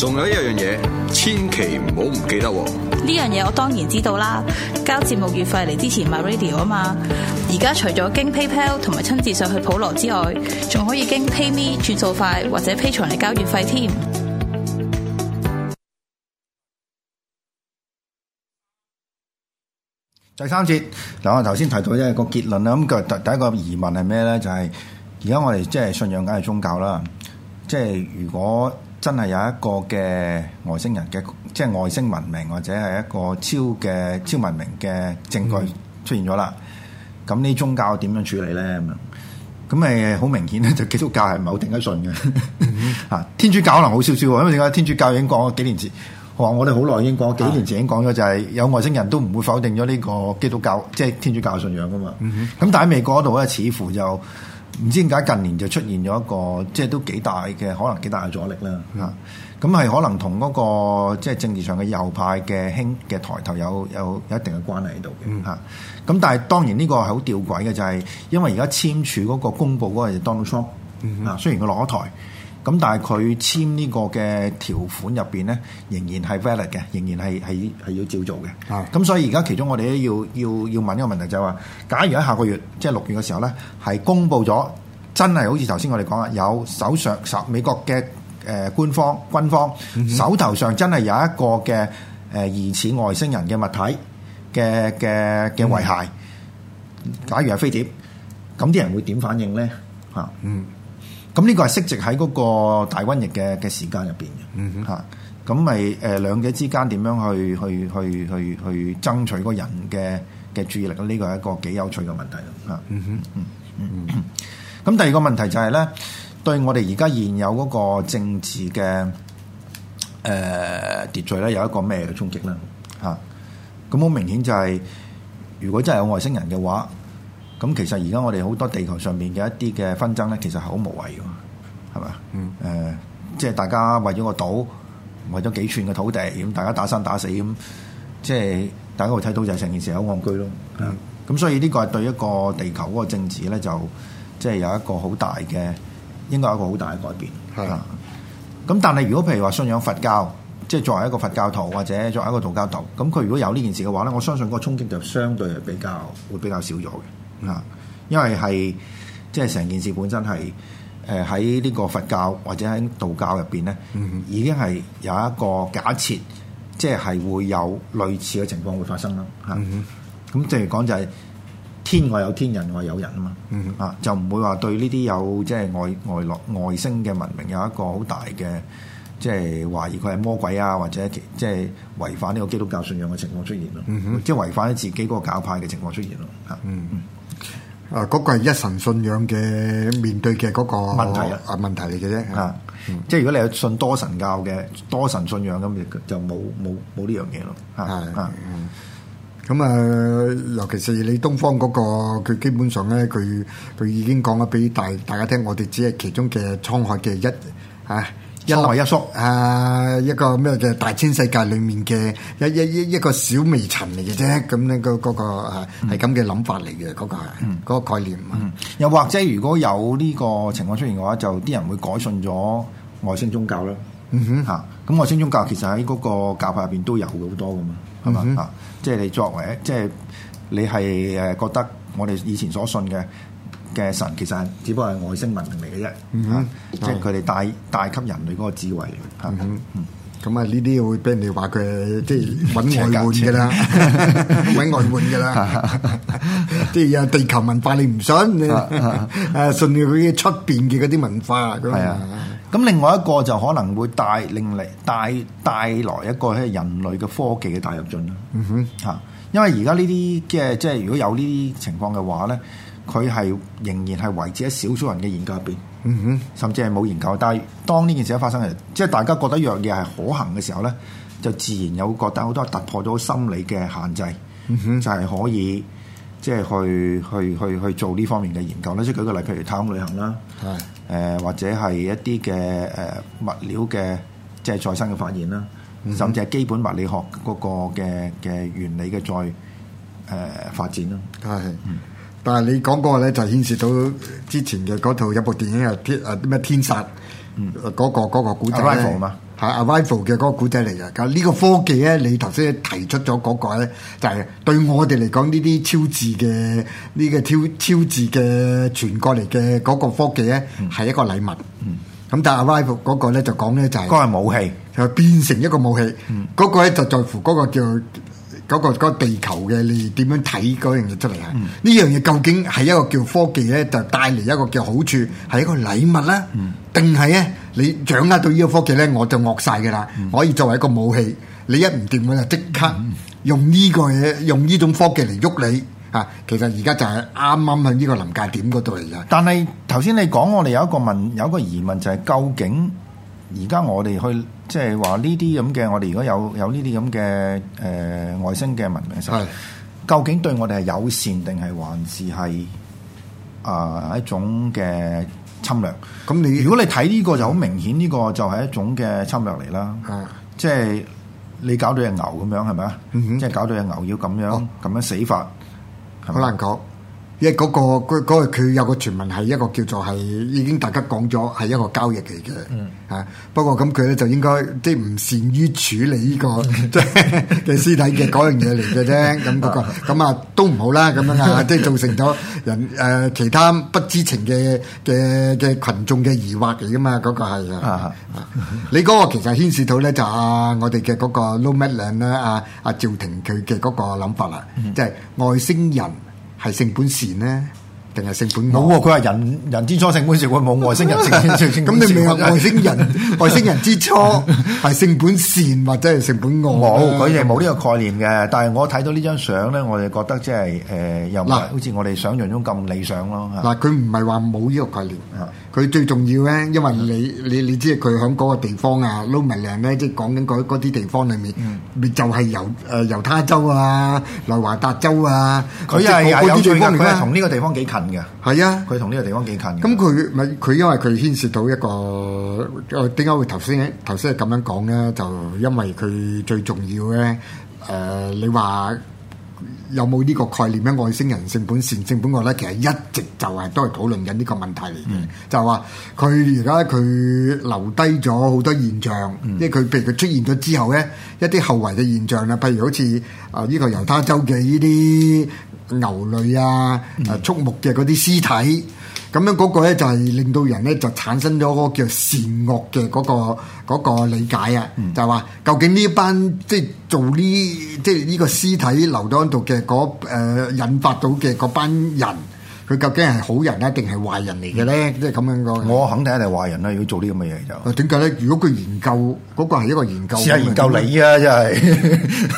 仲有一樣嘢，千祈唔好唔記得喎！呢樣嘢我當然知道啦，交節目月費嚟支持 my radio 啊嘛！而家除咗經 PayPal 同埋親自上去普羅之外，仲可以經 PayMe 轉數快或者 Pay 財嚟交月費添。第三節嗱，我頭先提到一個結論啦，咁第第一個疑問係咩咧？就係而家我哋即係信仰緊係宗教啦，即係如果。真係有一個嘅外星人嘅，即係外星文明或者係一個超嘅超文明嘅證據出現咗啦。咁呢、嗯、宗教點樣處理咧？咁樣咁咪好明顯咧，就基督教係唔係好定得信嘅。啊、嗯， 天主教可能好少少，因為點解天主教已經講咗幾年前，我哋好耐已經講，幾年前已經講咗就係有外星人都唔會否定咗呢個基督教，即係天主教信仰㗎嘛。咁、嗯嗯嗯、但係美國嗰度咧，似乎就。唔知點解近年就出現咗一個，即係都幾大嘅，可能幾大嘅阻力啦。嚇，咁係可能同嗰、那個即係政治上嘅右派嘅興嘅抬頭有有有一定嘅關係喺度嘅。嚇、嗯啊，咁但係當然呢個係好吊詭嘅，就係、是、因為而家簽署嗰個公佈嗰個 Donald Trump，嗱、嗯嗯啊、雖然佢落咗台。咁但係佢簽呢個嘅條款入邊咧，仍然係 valid 嘅，仍然係係係要照做嘅。吓咁所以而家其中我哋咧要要要問一個問題就係話，假如喺下個月即係六月嘅時候咧，係公布咗真係好似頭先我哋講啊，有手上手上美國嘅誒官方軍方手頭上真係有一個嘅誒疑似外星人嘅物體嘅嘅嘅遺骸，假如係飛碟，咁啲人會點反應咧？嚇嗯。咁呢個係適值喺嗰個大瘟疫嘅嘅時間入邊嘅，嚇咁咪誒兩者之間點樣去去去去去爭取個人嘅嘅注意力呢？呢個係一個幾有趣嘅問題啦，嚇、啊嗯哼嗯。嗯哼，嗯嗯咁第二個問題就係咧，對我哋而家現有嗰個政治嘅誒、呃、秩序咧，有一個咩嘅衝擊咧？嚇、啊！咁好明顯就係、是，如果真係有外星人嘅話。咁其實而家我哋好多地球上面嘅一啲嘅紛爭咧，其實係好無謂嘅，係嘛？誒、嗯呃，即係大家為咗個島，為咗幾寸嘅土地，咁大家打生打死咁，即係大家會睇到就係成件事係好戇居咯。咁所以呢個係對一個地球嗰個政治咧，就即係有一個好大嘅，應該有一個好大嘅改變。咁係、啊、但係如果譬如話信仰佛教，即係作為一個佛教徒或者作為一個道教徒，咁佢如果有呢件事嘅話咧，我相信個衝擊就相對係比較會比較少咗嘅。嗱，因為係即係成件事本身係誒喺呢個佛教或者喺道教入邊咧，嗯、哼已經係有一個假設，即係係會有類似嘅情況會發生啦。嚇、嗯哼，咁即係講就係、是、天外有天人，人外有人啊嘛。嗯、哼啊，就唔會話對呢啲有即係外外落外星嘅文明有一個好大嘅即係懷疑佢係魔鬼啊，或者即係違反呢個基督教信仰嘅情況出現咯。嗯、哼即係違反咗自己嗰個教派嘅情況出現咯。嚇，嗯嗯。啊，嗰個係一神信仰嘅面對嘅嗰個問題啊問題嚟嘅啫，啊，嗯、即係如果你信多神教嘅多神信仰咁，就冇冇冇呢樣嘢咯，係啊，咁啊、嗯，尤其是你東方嗰個，佢基本上咧，佢佢已經講咗俾大大家聽，我哋只係其中嘅滄海嘅一啊。一來一縮啊！ 一個咩嘅大千世界裏面嘅一一一一個小微塵嚟嘅啫，咁呢個嗰個啊係咁嘅諗法嚟嘅，嗰、嗰個係、嗰個、概念。Mm hmm. 又或者如果有呢個情況出現嘅話，就啲人會改信咗外星宗教啦。哼嚇，咁外星宗教其實喺嗰個教派入邊都有好多噶嘛，係嘛嚇？即係、mm hmm. 你作為即係、即係、你係誒覺得我哋以前所信嘅。嘅神其實係只不過係外星文明嚟嘅啫，嚇、嗯哼！即係佢哋帶帶給人類嗰個智慧，咁啊、嗯哼，呢啲、嗯、會俾人哋話佢即係揾外援嘅啦，揾 外援嘅啦，即係有地球文化你唔、啊、 信，你信佢嘅出邊嘅嗰啲文化。係啊，咁、啊、另外一個就可能會帶令嚟帶帶來一個係人類嘅科技嘅大入進啦。嗯哼，嚇！因為而家呢啲即係即係如果有呢啲情況嘅話咧。佢係仍然係維持喺少數人嘅研究入邊，嗯、哼甚至係冇研究。但係當呢件事一發生嘅，即係大家覺得樣嘢係可行嘅時候咧，就自然有覺得好多突破咗心理嘅限制，嗯、哼就係可以即係去去去去做呢方面嘅研究咧。即係舉個例，譬如太空旅行啦，誒是、呃、或者係一啲嘅誒物料嘅即係再生嘅發現啦，甚至係基本物理學嗰個嘅嘅原理嘅再誒發展啦，係、嗯。嗯但係你講嗰個咧就牽涉到之前嘅嗰套有部電影啊天啊咩天煞，嗯嗰個古仔啊，Arrival 嘛，係 Arrival 嘅嗰個古仔嚟噶。呢個科技咧，你頭先提出咗嗰個咧，就係對我哋嚟講呢啲超智嘅呢個超超智嘅傳過嚟嘅嗰個科技咧，係一個禮物。咁、嗯嗯嗯嗯、但係 Arrival 嗰個咧就講咧就係嗰個武器，就變成一個武器。嗰、嗯嗯嗯嗯嗯、個咧就在乎嗰個叫。嗯嗯嗯嗰個嗰個地球嘅你點樣睇嗰樣嘢出嚟啊？呢樣嘢究竟係一個叫科技咧，就帶嚟一個叫好處，係一個禮物啦、啊，定係咧你掌握到呢個科技咧，我就惡晒㗎喇，嗯、可以作為一個武器，你一唔掂我就即刻用呢個嘢，用呢種科技嚟喐你啊！其實而家就係啱啱喺呢個臨界點嗰度嚟嘅。但係頭先你講我哋有一個問，有一個疑問就係究竟。而家我哋去即係話呢啲咁嘅，我哋如果有有呢啲咁嘅誒外星嘅文明嘅時候，的究竟對我哋係友善定係還是係啊、呃、一種嘅侵略？咁你如果你睇呢、這個、個就好明顯呢個就係一種嘅侵略嚟啦。的即係你搞到隻牛咁樣，係咪啊？嗯、哼即係搞到隻牛要咁樣，咁、哦、樣死法，好難講。一嗰個嗰佢有個傳聞係一個叫做係已經大家講咗係一個交易嚟嘅，嚇。不過咁佢咧就應該即唔善於處理呢個嘅屍體嘅嗰樣嘢嚟嘅啫。咁嗰個咁啊都唔好啦，咁樣啊，即係造成咗人誒其他不知情嘅嘅嘅群眾嘅疑惑嚟噶嘛。嗰個係啊，你嗰個其實牽涉到咧就阿我哋嘅嗰個 Nomadland 咧，啊，阿趙婷佢嘅嗰個諗法啦，即係外星人。係性本善呢，定係性本惡？冇、啊，佢話人人之初性本善，佢冇外星人性本善。咁你未啊？外星人 外星人之初係性本善或者係性本惡？冇、嗯，佢哋冇呢個概念嘅。但係我睇到呢張相咧，我哋覺得即係誒，又唔係，好似我哋想象中咁理想咯。嗱，佢唔係話冇呢個概念。佢最重要咧，因為你你你知佢喺嗰個地方啊，撈埋糧咧，即係講緊嗰啲地方裏面，咪、嗯、就係由誒猶他州啊、內華達州啊，佢係啊，嗰啲地方嚟嘅，佢同呢個地方幾近嘅，係啊，佢同呢個地方幾近。咁佢咪佢因為佢牽涉到一個，點、呃、解會頭先頭先係咁樣講咧？就因為佢最重要咧。誒、呃，你話。有冇呢個概念咧？外星人性本善，性本惡咧？其實一直就係都係討論緊呢個問題嚟嘅，mm. 就係話佢而家佢留低咗好多現象，即係佢譬如佢出現咗之後咧，一啲後遺嘅現象啦，譬如好似啊呢個猶他州嘅呢啲牛類啊、mm. 啊畜牧嘅嗰啲屍體。咁樣嗰個咧就係令到人咧就產生咗嗰個叫善惡嘅嗰個嗰個理解啊，就係話究竟呢一班即係做呢即係呢個屍體留咗喺度嘅嗰引發到嘅嗰班人，佢究竟係好人咧定係壞人嚟嘅咧？即係咁樣講一說，我肯定係壞人啦！如果做呢咁嘅嘢就點解咧？如果佢研究嗰個係一個研究，試下研究你啊！真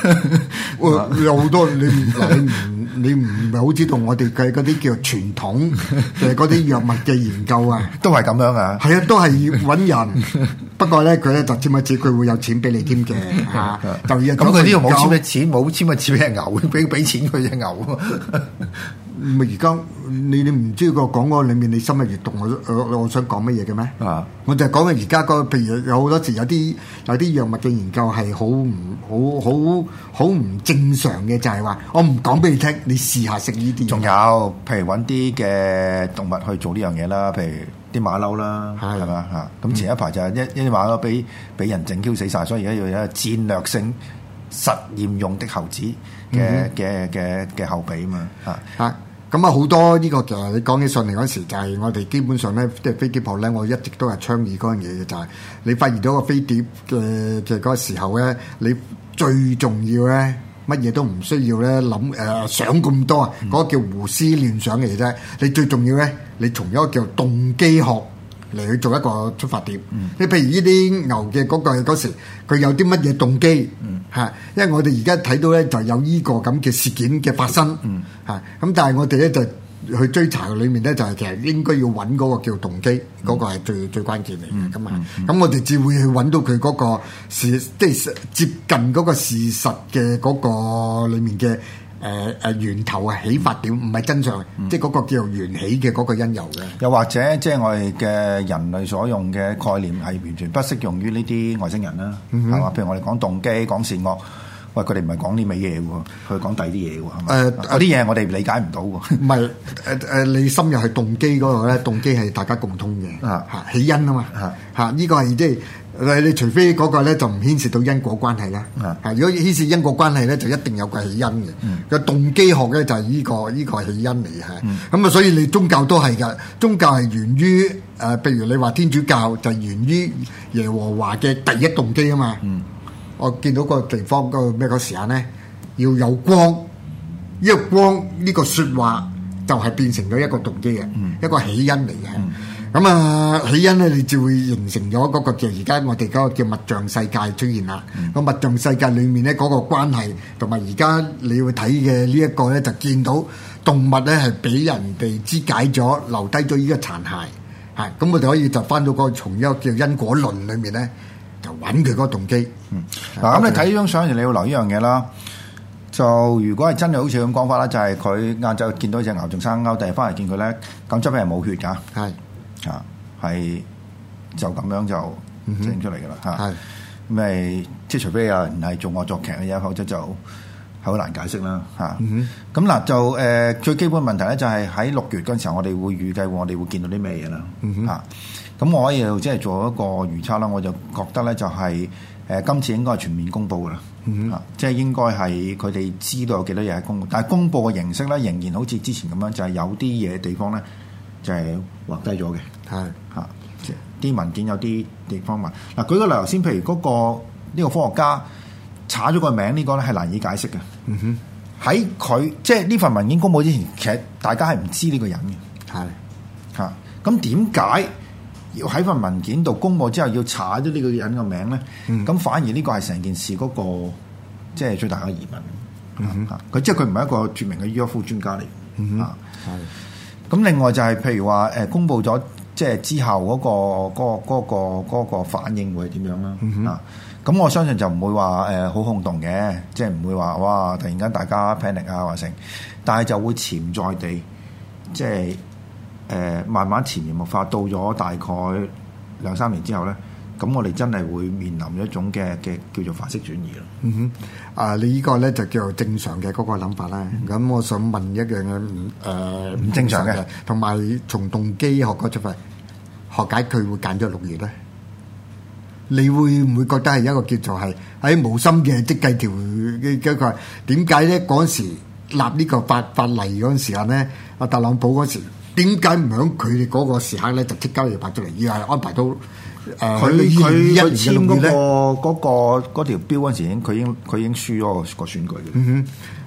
係，有好多你唔～你你唔唔係好知道我哋嘅嗰啲叫傳統嘅嗰啲藥物嘅研究啊， 都係咁樣啊，係啊，都係揾人。 不過咧，佢咧就別咪指佢會有錢俾你添嘅啊， 就而家佢冇簽嘅錢，冇簽咪指俾人牛，俾俾錢佢嘅牛。唔係而家你你唔知個講嗰個裡面你心入閲讀我我想講乜嘢嘅咩？啊我、就是！我就係講緊而家個譬如有好多時有啲有啲藥物嘅研究係好唔好好好唔正常嘅，就係話我唔講俾你聽，你試下食呢啲。仲有譬如揾啲嘅動物去做呢樣嘢啦，譬如啲馬騮啦，係嘛嚇？咁的前一排就一一啲馬騮俾俾人整嬌死晒，所以而家要有一戰略性實驗用的猴子嘅嘅嘅嘅後備啊嘛嚇。咁啊，好多呢個其實你講起上嚟嗰時，就係我哋基本上咧，即係飛機婆咧，我一直都係倡議嗰樣嘢嘅，就係你發現到個飛碟嘅嘅嗰個時候咧，你最重要咧，乜嘢都唔需要咧諗誒想咁多啊，嗰叫胡思亂想嘅嘢啫。你最重要咧，你從一個叫動機學嚟去做一個出發點。你譬如呢啲牛嘅嗰個嗰時，佢有啲乜嘢動機？嚇，因為我哋而家睇到咧，就有呢個咁嘅事件嘅發生，嚇、嗯。咁但係我哋咧就去追查裏面咧，就係其實應該要揾嗰個叫動機，嗰、嗯、個係最最關鍵嚟嘅。咁啊、嗯，咁、嗯、我哋只會去揾到佢嗰、嗰個事，即係接近嗰個事實嘅嗰個裡面嘅。誒誒、呃、源頭啊，起發點唔係、嗯、真相，嗯、即係嗰個叫做緣起嘅嗰個因由嘅。又或者即係我哋嘅人類所用嘅概念係完全不適用於呢啲外星人啦，係嘛、嗯哼？譬如我哋講動機、講善惡，喂佢哋唔係講呢味嘢喎，佢講第啲嘢喎，係嘛？誒嗰啲嘢我哋理解唔到喎，唔係誒誒你深入係動機嗰度咧，動機係大家共通嘅啊，起因啊嘛，嚇呢個係即係。的你除非嗰個咧就唔牽涉到因果關係啦，嚇！如果牽涉因果關係咧，就一定有個起因嘅。個、嗯、動機學咧就係依、個依、個起因嚟嚇。咁啊，嗯、所以你宗教都係噶，宗教係源於誒，呃、譬如你話天主教就係源於耶和華嘅第一動機啊嘛。嗯、我見到個地方個咩、個時間咧，要有光，呢個光呢個説話就係變成咗一個動機嘅，嗯、一個起因嚟嘅。咁啊，起因咧，你就會形成咗嗰個叫而家我哋嗰個叫物象世界出現啦。個物象世界裏面咧，嗰個關係同埋而家你要睇嘅呢一個咧，就見到動物咧係俾人哋肢解咗，留低咗依個殘骸係。咁我哋可以就翻到個重優叫因果論裏面咧，就揾佢個動機。嗱，咁你睇呢張相，你要留意呢樣嘢啦。就如果係真係好似咁講法啦，就係佢晏晝見到隻牛仲生勾，第日翻嚟見佢咧，咁周邊係冇血㗎。係。啊，係就咁樣就整出嚟噶啦，吓、mm，咁、hmm. 咪即係除非有人係做惡作劇嘅嘢，否則就好難解釋啦，吓、mm。咁、hmm. 嗱就誒、呃、最基本問題咧，就係喺六月嗰時候，我哋會預計我哋會見到啲咩嘢啦，吓、mm。咁、hmm. 我可以即係做一個預測啦，我就覺得咧就係、是、誒、呃、今次應該係全面公布噶啦，吓、mm hmm.，即係應該係佢哋知道有幾多嘢係公布，但係公布嘅形式咧，仍然好似之前咁樣，就係、是、有啲嘢地方咧。就係畫低咗嘅，係嚇啲文件有啲地方嘛。嗱，舉個例頭先，譬如嗰、嗰個呢、呢個科學家查咗個名呢個咧，係難以解釋嘅。嗯、哼，喺佢即係呢份文件公佈之前，其實大家係唔知呢個人嘅。係嚇咁點解要喺份文件度公佈之後要查咗呢個人個名咧？咁、嗯、哼反而呢個係成件事嗰、嗰個即係最大嘅疑問。嗯、啊、佢即係佢唔係一個著名嘅 UFO、er、專家嚟。嗯哼，嗯哼啊咁另外就係、是、譬如話誒、呃、公佈咗即係之後嗰、那個嗰、那個嗰、那個嗰、那個反應會點樣啦？嗯、哼啊，咁我相信就唔會話誒好轟動嘅，即係唔會話哇突然間大家 panic 啊話成，但係就會潛在地即係誒、呃、慢慢潛移默化，到咗大概兩三年之後咧。咁我哋真係會面臨一種嘅嘅叫做範式轉移啦。嗯哼，啊，你個呢個咧就叫做正常嘅嗰個諗法啦。咁、嗯、哼我想問一樣嘅，唔、嗯、唔、呃、正常嘅，同埋、嗯、哼從動機學角度出發，學解佢會揀咗六月咧，你會唔會覺得係一個叫做係喺、哎、無心嘅即計條一個點解咧？嗰時立呢個法法例嗰陣時間咧，阿特朗普嗰時點解唔響佢哋嗰個時刻咧就即刻就拍出嚟，而係安排到？佢佢佢簽嗰個嗰個嗰條嗰個嗰個標嗰陣時，已經佢已經佢已經輸咗個個選舉嘅。嗯哼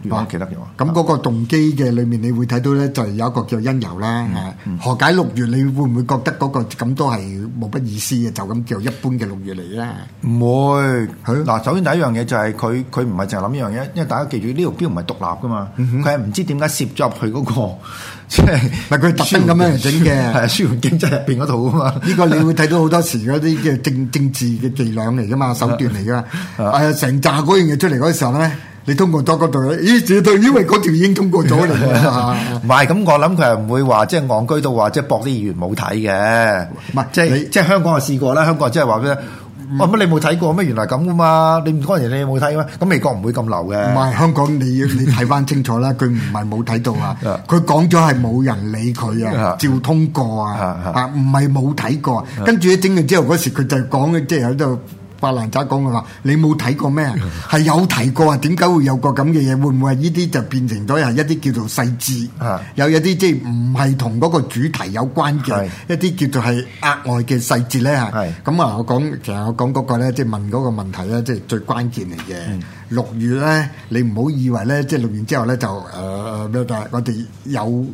我記得嘅，咁嗰個動機嘅裏面，你會睇到咧，就係有一個叫因由啦。吓，何解六月？你會唔會覺得嗰個咁都係冇乜意思啊？就咁叫一般嘅六月嚟咧？唔會，佢嗱，首先第一樣嘢就係佢，佢唔係淨係諗呢樣嘢，因為大家記住呢條標唔係獨立噶嘛，佢係唔知點解攝咗入去嗰個，即係嗱，佢特登咁樣嚟整嘅，係啊，舒緩經濟入邊嗰度啊嘛。呢個你會睇到好多時嗰啲叫政政治嘅伎倆嚟噶嘛，手段嚟噶，啊，成扎嗰樣嘢出嚟嗰時候咧。你通過多角度咧，咦？只對，因為嗰條已經通過咗嚟啦。唔係咁，我諗佢係唔會話即係戇居到話即係博啲議員冇睇嘅。唔係即係即係香港就試過啦。香港即係話咩？哇！乜你冇睇過咩？原來咁噶嘛？你唔嗰陣時你冇睇咩？咁美國唔會咁流嘅。唔係香港，你要你睇翻清楚啦。佢唔係冇睇到啊。佢講咗係冇人理佢啊，照通過啊。啊，唔係冇睇過。跟住整完之後嗰時，佢就講咧，即係喺度。阿蘭扎講嘅話，你冇睇過咩？係有提過啊？點解會有個咁嘅嘢？會唔會係呢啲就變成咗係一啲叫做細節？啊，是的 有一啲即係唔係同嗰個主題有關嘅是的 一啲叫做係額外嘅細節咧嚇。咁啊是的、嗯，我講其實我講嗰、那個咧，即、就、係、是、問嗰個問題咧，即、就、係、是、最關鍵嚟嘅。六、嗯、月咧，你唔好以為咧，即係六月之後咧就誒咩、呃、我哋有。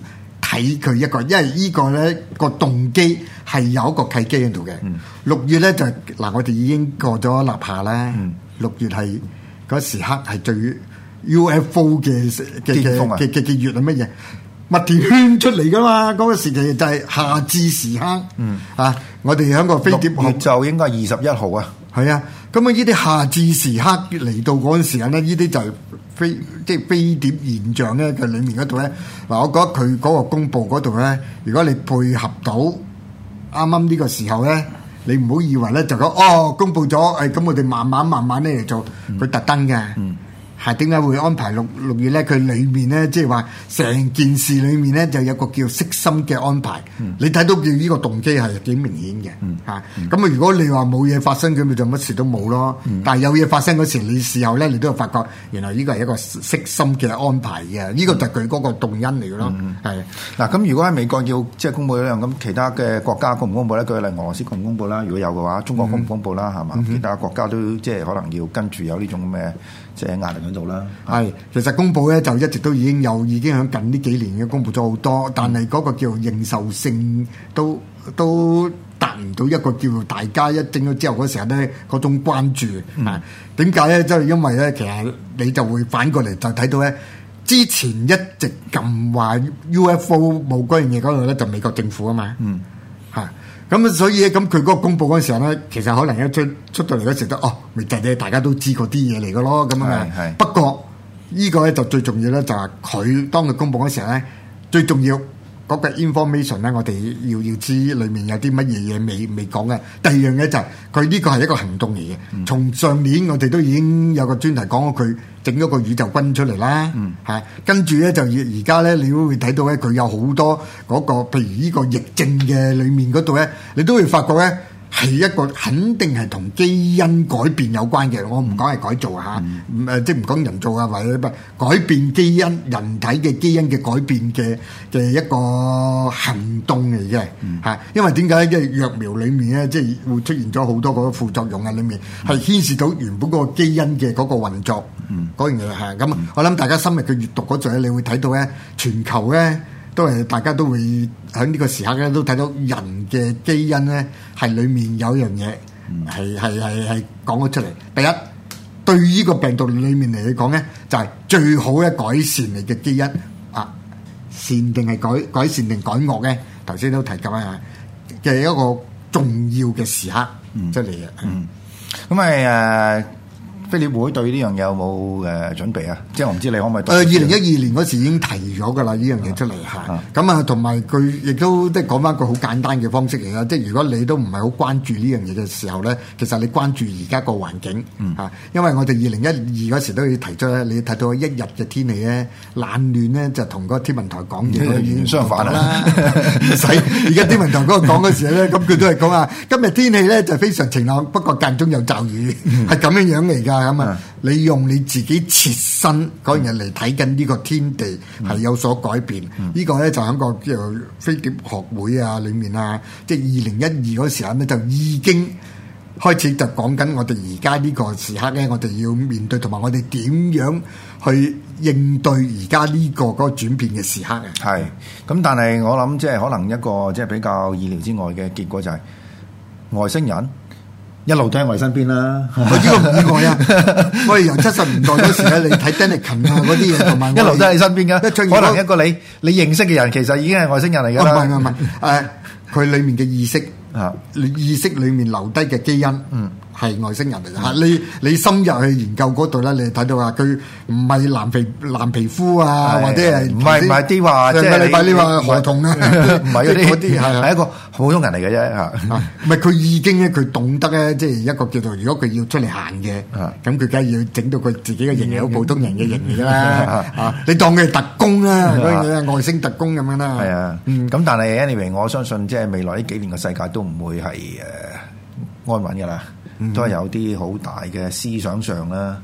睇佢一個，因為個呢個咧個動機係有一個契機喺度嘅。嗯、六月咧就嗱，我哋已經過咗立夏啦。嗯、六月係嗰時刻係最 UFO 嘅嘅嘅嘅月係乜嘢？麥田圈出嚟㗎嘛？嗰個時就係夏至時刻。嗯啊，我哋喺個飛碟六月就應該係二十一號啊。係啊，咁啊，呢啲夏至時刻嚟到嗰陣時間咧，呢啲就係。即係飛碟現象咧，佢裡面嗰度咧，嗱，我覺得佢嗰個公佈嗰度咧，如果你配合到啱啱呢個時候咧，你唔好以為咧就講哦公佈咗，誒咁我哋慢慢慢慢咧嚟做，佢特登嘅。係點解會安排六六月咧？佢裏面咧，即係話成件事裏面咧，就有個叫悉心嘅安排。你睇到佢呢個動機係幾明顯嘅嚇。咁啊，如果你話冇嘢發生，咁咪就乜事都冇咯。但係有嘢發生嗰時，你事後咧，你都會發覺原來呢個係一個悉心嘅安排嘅。呢個就係佢嗰個動因嚟嘅咯。係嗱，咁如果喺美國要即係公佈一樣，咁其他嘅國家公唔公佈咧？舉例俄羅斯公唔公佈啦？如果有嘅話，中國公唔公佈啦？係嘛？其他國家都即係可能要跟住有呢種咩？即係壓力響度啦，係其實公佈咧，就一直都已經有，已經響近呢幾年已經公佈咗好多，但係嗰個叫做認受性都都達唔到一個叫做大家一整咗之後嗰時候咧嗰種關注。點解咧？即係、就係、因為咧，其實你就會反過嚟就睇到咧，之前一直咁話 UFO 冇嗰樣嘢嗰度咧，就美國政府啊嘛。嗯吓，咁、啊、所以咧，咁佢嗰個公佈嗰時候咧，其實可能一出出到嚟咧，時候都哦，咪就係大家都知嗰啲嘢嚟噶咯，咁樣，是是不過呢、呢個咧就最重要咧，就係、是、佢當佢公佈嗰時候咧，最重要。嗰個 information 咧，我哋要要知裏面有啲乜嘢嘢未未講嘅。第二樣嘢就係佢呢個係一個行動嚟嘅。從上年我哋都已經有個專題講過佢整咗個宇宙軍出嚟啦，嚇。跟住咧就而而家咧，你都會睇到咧，佢有好多嗰個，譬如呢個疫症嘅裏面嗰度咧，你都會發覺咧。係一個肯定係同基因改變有關嘅，我唔講係改造嚇，誒即係唔講人造啊，或者乜改變基因、人體嘅基因嘅改變嘅嘅一個行動嚟嘅嚇。因為點解即係藥苗裡面咧，即係會出現咗好多個副作用啊，裡面係牽涉到原本個基因嘅嗰個運作嗰樣嘢嚇。咁我諗大家深入嘅閱讀嗰陣咧，你會睇到咧全球咧。都係大家都會喺呢個時刻咧，都睇到人嘅基因咧係裡面有一樣嘢係係係係講咗出嚟。第一，對於個病毒裡面嚟講咧，就係最好嘅改善嚟嘅基因啊！善定係改改善定改，改，改惡嘅？頭先都提及啊，嘅一個重要嘅時刻出嚟嘅。咁咪誒。嗯即你會對呢樣嘢有冇誒準備啊？即係我唔知你可唔可以二零一二年嗰時已經提咗㗎啦，呢樣嘢出嚟嚇。咁啊，同埋佢亦都即係講翻個好簡單嘅方式嚟啦。即係如果你都唔係好關注呢樣嘢嘅時候咧，其實你關注而家個環境嚇，嗯、因為我哋二零一二嗰時都要提出咧，你睇到一日嘅天氣咧冷暖咧就同個天文台講嘢、嗯、已經相反啦 了。使，而家天文台嗰度講嘅時候咧，咁佢都係講啊，今日天，天氣咧就非常晴朗，不過間中有驟雨，係咁、嗯、樣樣嚟㗎。咁啊！你用你自己切身嗰樣嚟睇緊呢個天地係有所改變，呢個咧就喺個叫飛碟學會啊裏面啊，即係二零一二嗰時候啊，咧就已經開始就講緊我哋而家呢個時刻咧，我哋要面對同埋我哋點樣去應對而家呢個嗰個轉變嘅時刻啊！係咁，但係我諗即係可能一個即係比較意料之外嘅結果就係外星人。一路都喺我身邊啦、啊，呢個唔意外啊！我哋由七十年代嗰時咧，你睇丹尼肯啊嗰啲嘢，一路都喺你身邊噶，可能一個你，你認識嘅人其實已經係外星人嚟噶，唔係唔係，誒、哦，佢、呃、裏面嘅意識啊，意識裏面留低嘅基因，嗯。係外星人嚟嘅吓，你你深入去研究嗰度咧，你睇到話佢唔係藍皮藍皮膚啊，或者係唔係唔係啲話即係你話合同啦，唔係嗰啲，係係一個普通人嚟嘅啫吓。唔係佢已經咧，佢懂得咧，即係一個叫做如果佢要出嚟行嘅，咁佢梗係要整到佢自己嘅形，好普通人嘅形嚟啦。啊，你當佢係特工啦，外星特工咁樣啦。係啊，咁但係 anyway，我相信即係未來呢幾年嘅世界都唔會係誒安穩噶啦。都係有啲好大嘅思想上啦，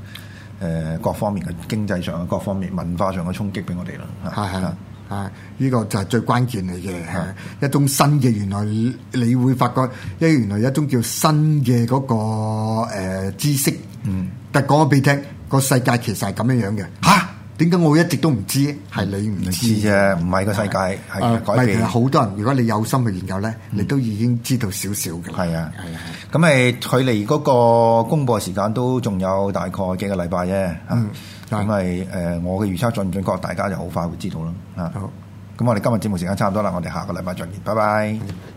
誒各方面嘅經濟上嘅各方面文化上嘅衝擊俾我哋啦，係係係，呢個就係最關鍵嚟嘅。係一種新嘅，原來你會發覺，因為原來一種叫新嘅嗰個誒知識，嗯，但講咗俾你聽個世界其實係咁樣樣嘅嚇。點解我一直都唔知？係你唔知啫，唔係個世界係改變。好多人，如果你有心去研究咧，嗯、你都已經知道少少嘅。係啊的，係啊的，咁係佢離嗰個公佈時間都仲有大概幾個禮拜啫。咁咪、嗯，誒、呃，我嘅預測準唔準確，大家就好快會知道啦。好，咁我哋今日節目時間差唔多啦，我哋下個禮拜再見，拜拜。嗯